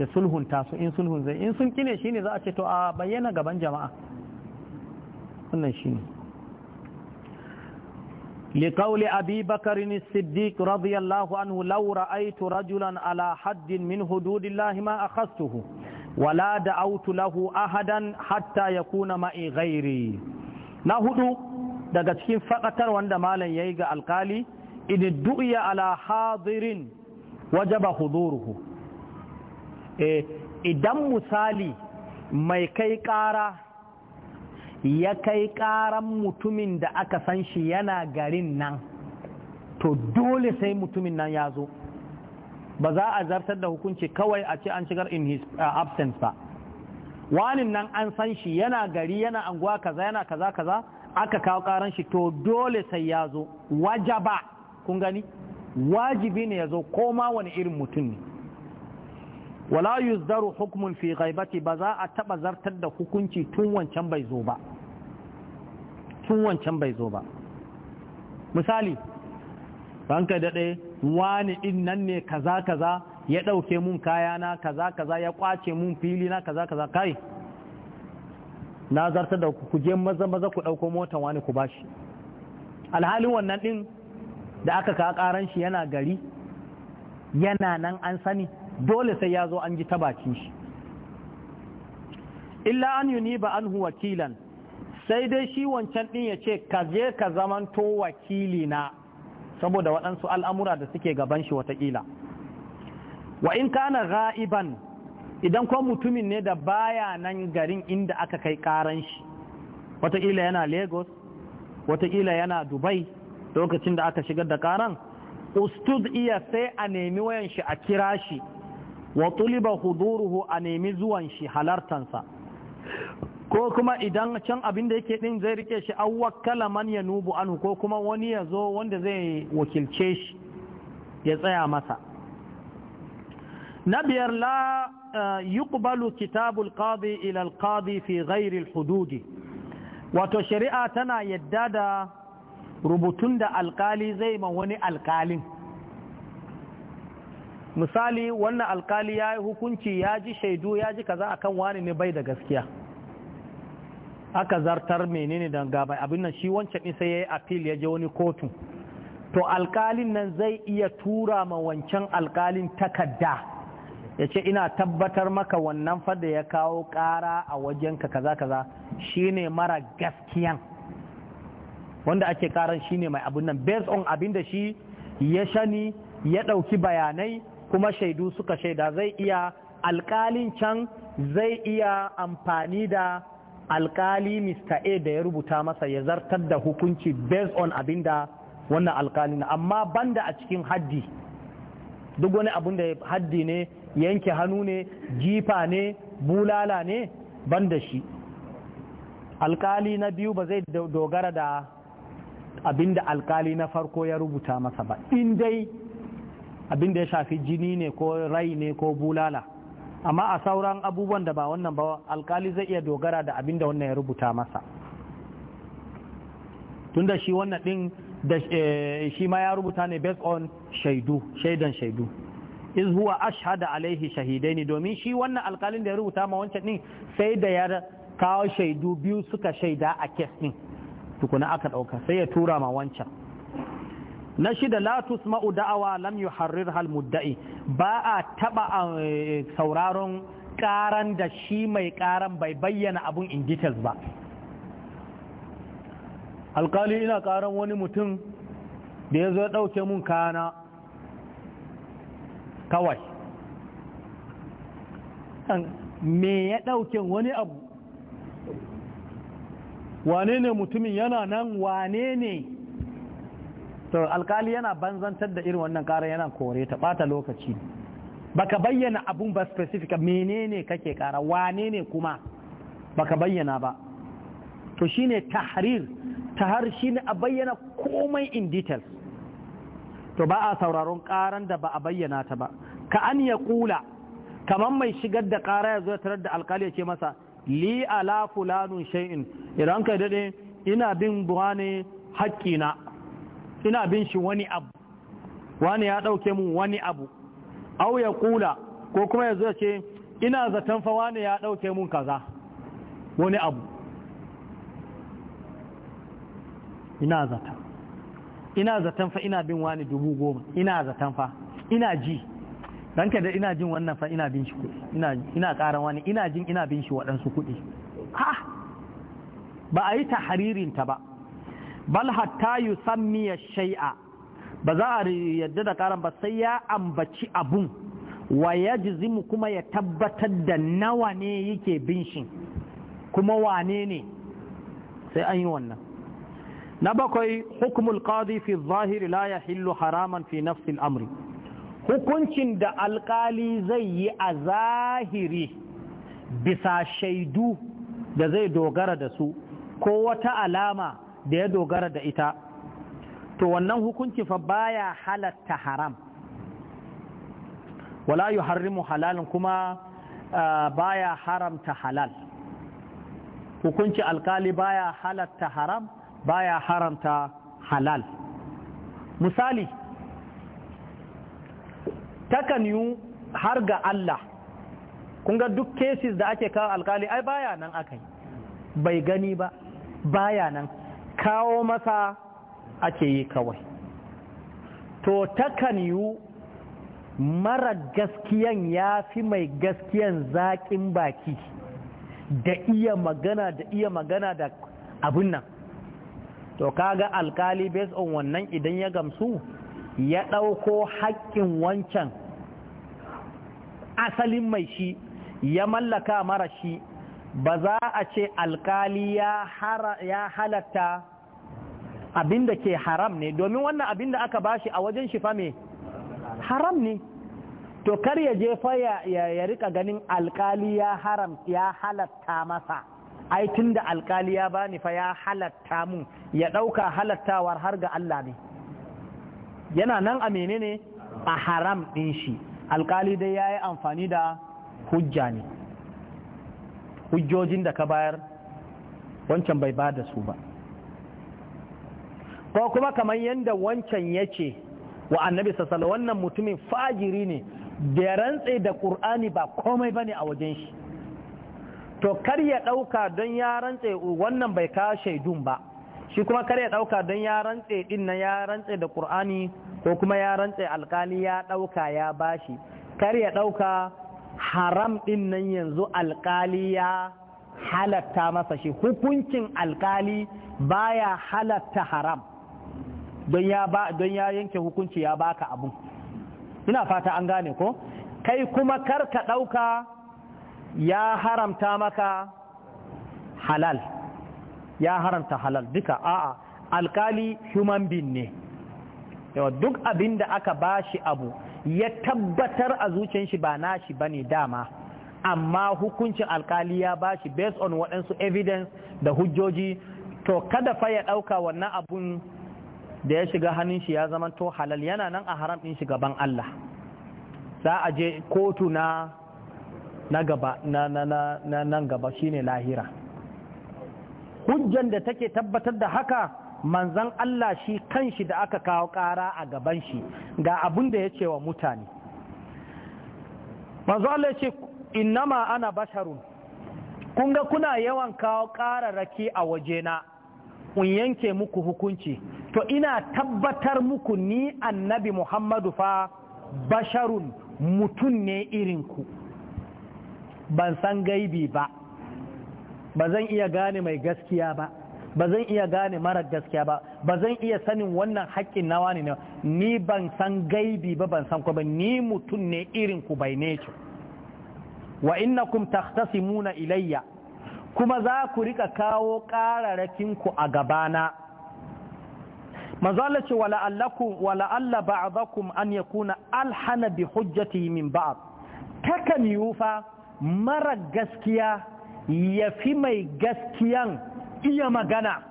ya sulhunta su in sulhun zai in sun kine shine za a ce to a bayyana gaban jama'a wannan shine لقول أبي بكر الصديق رضي الله عنه لو رأيت رجلا على حد من حدود الله ما أخذته ولا دعوت له أحدا حتى يكون معي غيري نهدو daga cikin fakatar wanda malam yayi ga alkali in du'iya ala hadirin wajaba huduruhu eh idan misali mai kai ƙara ya kai ƙaran mutumin da aka san shi yana garin nan to dole sai mutumin nan ya zo ba za a zartar da hukunci kawai a ce an shigar in his uh, absence ba wani nan an san shi yana gari yana anguwa kaza yana kaza kaza aka kawo karan shi to dole sai ya zo wajaba kun gani wajibi ne ya zo ko ma wani irin mutum ne wala yuzdaru hukmun fi ghaibati ba za a taba zartar da hukunci tun wancan bai zo ba tun wancan bai zo ba misali banka daɗe wani ɗin ne kaza kaza ya ɗauke mun kayana kaza kaza ya ƙwace mun fili na kaza kaza kai na zarta da ku je maza maza ku ɗauko mota wani ku bashi alhalin wannan ɗin da aka ka ƙaran shi yana gari yana nan an sani dole sai ya zo an ji ta bakin shi illa an yuni ba an huwa kilan sai dai shi wancan ɗin ya ce ka je ka zamanto wakili na saboda waɗansu al'amura da suke gaban shi watakila wa in kana ra'iban idan kuma mutumin ne da baya nan garin inda aka kai ƙaran shi watakila yana lagos watakila yana dubai lokacin da aka shigar da ƙaran ustud iya sai a nemi wayan shi a kira shi wa tuliba huduruhu a nemi zuwan shi halartansa ko kuma idan can abin da yake din zai rike shi an wakala man ya nubu anu ko kuma wani ya zo wanda zai wakilce shi ya tsaya masa na biyar la eh, yuqbalu kitabul qadi ila al qadi fi ghairi al hududi wato shari'a tana yadda da rubutun da alkali zai ma wani alkalin misali wannan alkali ya yi hukunci ya ji shaidu ya ji kaza akan wani ne bai da gaskiya aka zartar menene danga mai abin nan shi wancan din sai yayi appeal ya je wani kotu to alkalin nan zai iya tura ma wancan alkalin takadda ya ce ina tabbatar maka wannan fada ya kawo kara a wajenka kaza kaza shine mara gaskiyan wanda ake karan shine mai abin nan based on abin da shi ya shani ya ɗauki bayanai kuma shaidu suka shaida zai iya alkalin can zai iya amfani da alkali Mr. A da ya rubuta masa ya zartar da hukunci based on abin da wannan alkali na amma banda a cikin haddi duk wani abin da haddi ne yanke hannu ne jifa ne bulala ne banda shi alkali na biyu ba zai dogara da abin da alkali na farko ya rubuta masa ba in dai da ya shafi jini ne ko rai ne ko bulala amma a sauran abubuwan da ba wannan ba alkali zai iya dogara da abinda da wannan ya rubuta masa tunda shi wannan din da eh, shi ma ya rubuta ne based on shaidu shaidan shaidu iz huwa ashhada alaihi shahidaini domin shi wannan alkalin da ya rubuta ma wancan din sai da ya kawo shaidu biyu suka shaida a kes din tukuna aka dauka sai ya tura ma wancan na shida la tusma'u da'awa lam yuharrirha al-mudda'i ba a taba eh, sauraron karan da shi mai karan bai bayyana abun in details ba alkali ina karan wani mutum da ya zo dauke mun kana kawai me ya dauke wani abu wane ne mutumin yana nan wane ne to alkali yana banzantar da irin wannan kara yana kore ta bata lokaci baka bayyana abun ba specific menene kake kara wane ne kuma baka bayyana ba to shine tahrir tahar shine a bayyana komai in details to ba a sauraron ƙaran da ba a bayyana ta ba ka an ya kula kamar mai shigar da ƙara ya zo tarar da alkali ya ce masa li ala fulanun shay'in idan ka dade ina bin buhane haƙƙina ina bin shi wani abu wani ya ɗauke mun wani abu au ya kula ko kuma ya zo ce ina zaton fa wani ya ɗauke mun kaza wani abu ina zata ina zaton fa ina bin wani dubu goma ina zaton fa ina ji ranka da ina jin wannan fa ina bin shi kuɗi ina ina ƙaran wani ina jin ina bin shi waɗansu kuɗi ha ba a yi taharirin ta ba bal hatta yusammiya shay'a ba za a yadda da karan ba sai ya ambaci abun wa yajzimu kuma ya tabbatar da nawa ne yake bin shi kuma wane ne sai an yi wannan na bakwai hukumul qadi fi zahiri la yahillu haraman fi nafsi amri hukuncin da alkali zai yi a zahiri bisa shaidu da zai dogara da su ko wata alama da ya dogara da ita to wannan hukunci fa baya halatta haram wala yuharrimu halalin kuma baya haramta halal hukunci alkali baya halatta haram baya haramta halal misali takan yi har ga Allah kun ga duk cases da ake kawo alkali ai baya nan aka bai gani ba baya nan kawo masa ake yi kawai to takan yi mara gaskiyan ya fi mai gaskiyan zaƙin baki da iya magana da iya magana da abin nan to kaga alkali based on wannan idan ya gamsu ya ɗauko haƙƙin wancan asalin mai shi ya mallaka mara shi ba za a ce alkali ya halatta abin da ke haram ne domin wannan abin da aka bashi a wajen shi fa me haram ne to kar ya je fa ya rika ganin alkali ya haram ya halatta masa ai da alkali ya bani fa ya halatta mun ya dauka halattawar har ga Allah ne yana nan a menene a haram din shi alkali dai yayi amfani da hujja ne hujjojin da ka bayar wancan bai bada su ba ko kuma kamar yadda wancan ya ce wa annabi sassala wannan mutumin fajiri ne da ya rantse da ƙur'ani ba komai ba ne a wajen shi to kar ya ɗauka don ya rantse wannan bai ka shaidun ba shi kuma kar ya ɗauka don ya rantse ɗin na ya rantse da ƙur'ani ko kuma ya rantse alƙali ya ɗauka ya bashi kar ya ɗauka haram ɗin nan yanzu alƙali ya halatta masa shi hukuncin alƙali baya halatta haram don ya ba don ya yanke hukunci ya baka abun ina fata an gane ko kai kuma kar ka ɗauka ya haramta maka halal ya haramta halal duka a'a alkali human being ne yawa duk abin da aka bashi abu ya tabbatar a zuciyar shi ba nashi bane dama amma hukuncin alkali ya bashi based on waɗansu evidence da hujjoji to kada fa ya ɗauka wannan abun da ya shiga hannun shi ya zama to halal yana nan a haram ɗin gaban Allah za a je kotu na na gaba na na nan gaba shine lahira hujjan da take tabbatar da haka manzan Allah shi kanshi da aka kawo ƙara a gaban shi ga abin da ya ce wa mutane manzan Allah ya ce innama ana basharun kun ga kuna yawan kawo ƙararraki a wajena in yanke muku hukunci to ina tabbatar muku ni annabi muhammadu fa basharun mutum ne irinku ban san gaibi ba ba zan iya gane mai gaskiya ba ba zan iya gane marar gaskiya ba ba zan iya sanin wannan haƙƙin nawa ne ni ban san gaibi ba ban san ba ni mutum ne irinku bai ne wa innakum takhtasimuna ilayya kuma za ku rika kawo ƙararrakinku a gabana mazala ce wala'alla ba'adakum an ya kuna alhana bi hujjati min ba'ad takan yiwu fa mara gaskiya ya fi mai gaskiyan iya magana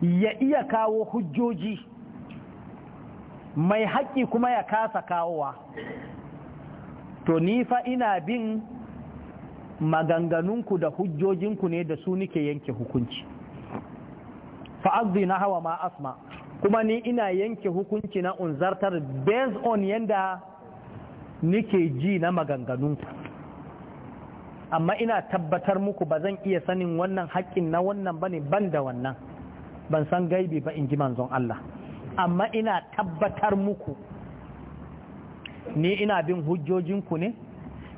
ya iya kawo hujjoji mai haƙƙi kuma ya kasa kawowa to ni fa ina bin maganganunku da hujjojinku ne da su nike yanke hukunci fa'azzi na hawa ma asma kuma ni ina yanke hukunci na unzartar based on yanda nike ji na maganganunku amma ina tabbatar muku ba zan iya sanin wannan haƙƙin na wannan ba ne ban da wannan ban san gaibi ba in ji manzon Allah amma ina tabbatar muku ni ina bin hujjojinku ne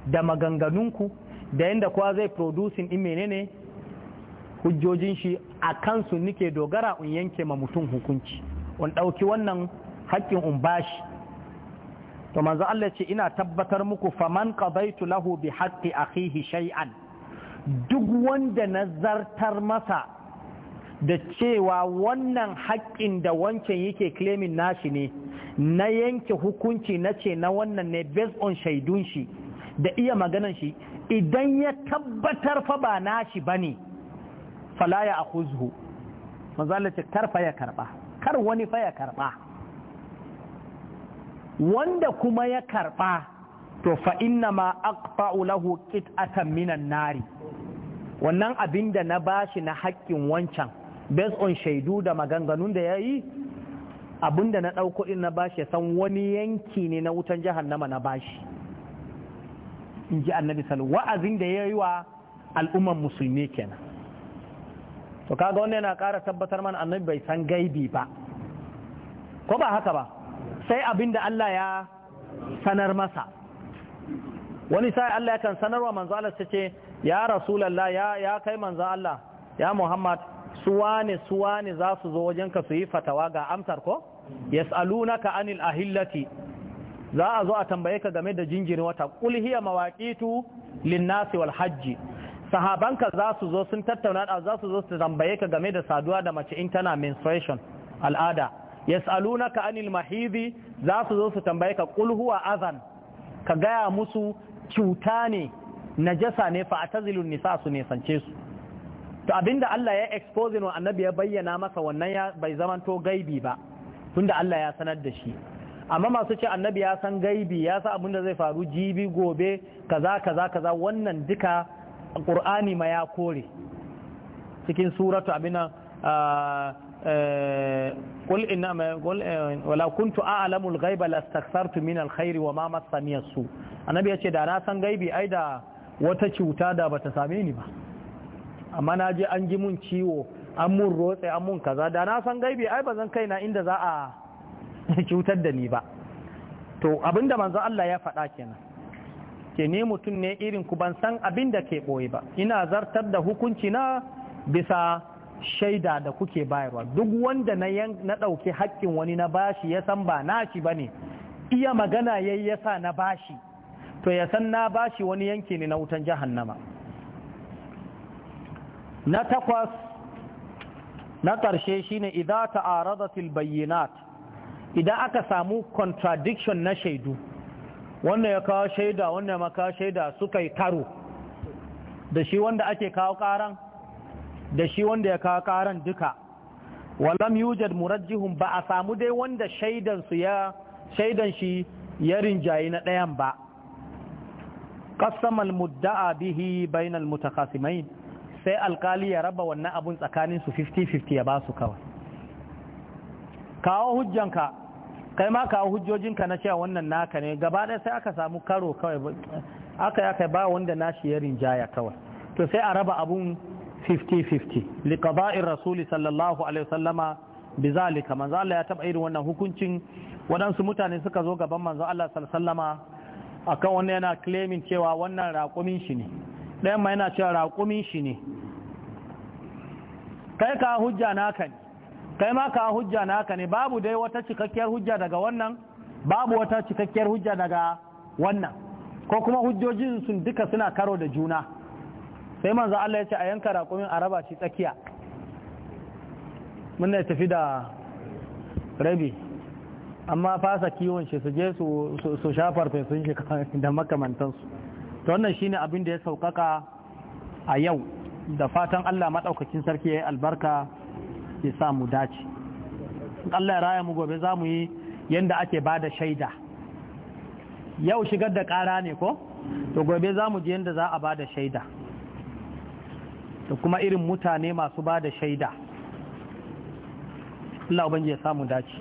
da maganganunku da yadda kowa zai producing din menene hujjojin shi a kansu nike dogara in yanke ma mutum hukunci in ɗauki wannan haƙƙin in bashi to manzo Allah ce ina tabbatar muku faman qadaitu lahu bi haqqi akhihi shay'an duk wanda nazartar masa da cewa wannan haƙƙin da wancan yake claiming nashi ne na yanke hukunci na ce na wannan ne based on shaidun shi da iya maganar shi idan ya tabbatar fa ba nashi bane ne falaya a manzo ce kar fa ya karba kar wani fa ya karba wanda kuma ya karba to fa inna ma aqta'u lahu qit'atan minan nari wannan abin da na bashi na haƙƙin wancan based on shaidu da maganganun da yayi abinda na ɗauko din na bashi ya san wani yanki ne na wutan jihar nama na bashi in ji annabi sal wa'azin da ya yi wa al'umman musulmi kenan to kaga wannan yana ƙara tabbatar mana annabi bai san gaibi ba ko ba haka ba sai abin da Allah ya sanar masa wani sai Allah yakan wa manzo Allah sace ya rasulullah ya ya kai manzo Allah ya Muhammad suwane suwane za su zo wajenka su yi fatawa ga amsar ko yas'alunaka anil ahillati za a zo a tambaye ka game da jinjirin wata qul hiya mawaqitu wal hajji sahabanka za su zo sun tattauna da za su zo su tambaye ka game da saduwa da mace in tana menstruation al'ada yas'alunaka anil mahidi za su zo su tambaye ka qul huwa ka gaya musu cuta ne najasa ne fa atazilun nisa su nisance su to abinda Allah ya expose wa annabi ya bayyana masa wannan ya bai zamanto gaibi ba tunda Allah ya sanar da shi amma masu ce annabi ya san gaibi ya sa abin da zai faru jibi gobe kaza kaza kaza wannan duka qur'ani ma ya kore cikin suratu abina قل انما قل ولو كنت اعلم الغيب لاستكثرت wa الخير وما مسني السوء annabi ce da na san gaibi ai da wata cuta da bata same ni ba amma na je an ji mun ciwo an mun rotse an mun kaza da na san gaibi ai bazan kaina inda za a *laughs* cutar da ni ba to abinda manzo Allah ya faɗa kenan ke ne mutum ne irin ku ban san abin da ke ɓoye ba ina zartar da hukunci na bisa shaida da kuke bayarwa duk wanda na na ɗauki haƙƙin wani na bashi ya san ba nashi ba ne iya magana yayi ya sa na bashi to ya san na bashi wani yanki ne na wutan jahannama na takwas na ƙarshe shine idza ta'aradatil bayyinat idan aka samu contradiction na shaidu wannan ya kawo shaida wannan ma kawo shaida suka yi karo da shi wanda ake kawo karan da shi wanda ya kawo karan duka walam yujad murajjihun ba a samu dai wanda shaidan ya shaidan shi ya rinjayi na ɗayan ba kasamal mudda'a bihi bainal mutakhasimain sai alkali ya raba wannan abun tsakanin su 50-50 ya ba su kawai kawo hujjanka kai ma kawo hujjojinka na cewa wannan naka ne gaba ɗaya sai aka samu karo kawai aka ya kai ba wanda nashi ya rinjaya kawai to sai a raba abun 50-50 liqada'ir rasuli sallallahu alaihi wasallama bizalika manzo Allah ya taba irin wannan hukuncin waɗansu mutane suka zo gaban manzo Allah sallallahu alaihi wasallama akan wannan yana claiming cewa wannan raƙumin shi ne ɗayan ma yana cewa raƙumin shi ne kai ka hujja naka ne kai ma ka hujja naka ne babu dai wata cikakkiyar hujja daga wannan babu wata cikakkiyar hujja daga wannan ko kuma hujjojin sun duka suna karo da juna sai manzo Allah ya ce a yanka raƙumin a raba shi tsakiya mun ne tafi da rabi amma fasa kiwon shi su je su shafar fesun shi *laughs* da makamantansu to wannan shine abin da ya saukaka a yau da fatan Allah madaukakin sarki ya yi albarka ya sa mu dace Allah ya raya mu gobe za mu yi yadda ake ba da shaida yau shigar da ƙara ne ko to gobe za mu ji yadda za a ba da shaida da kuma irin mutane masu ba da shaida Allah ubangiji ya samu dace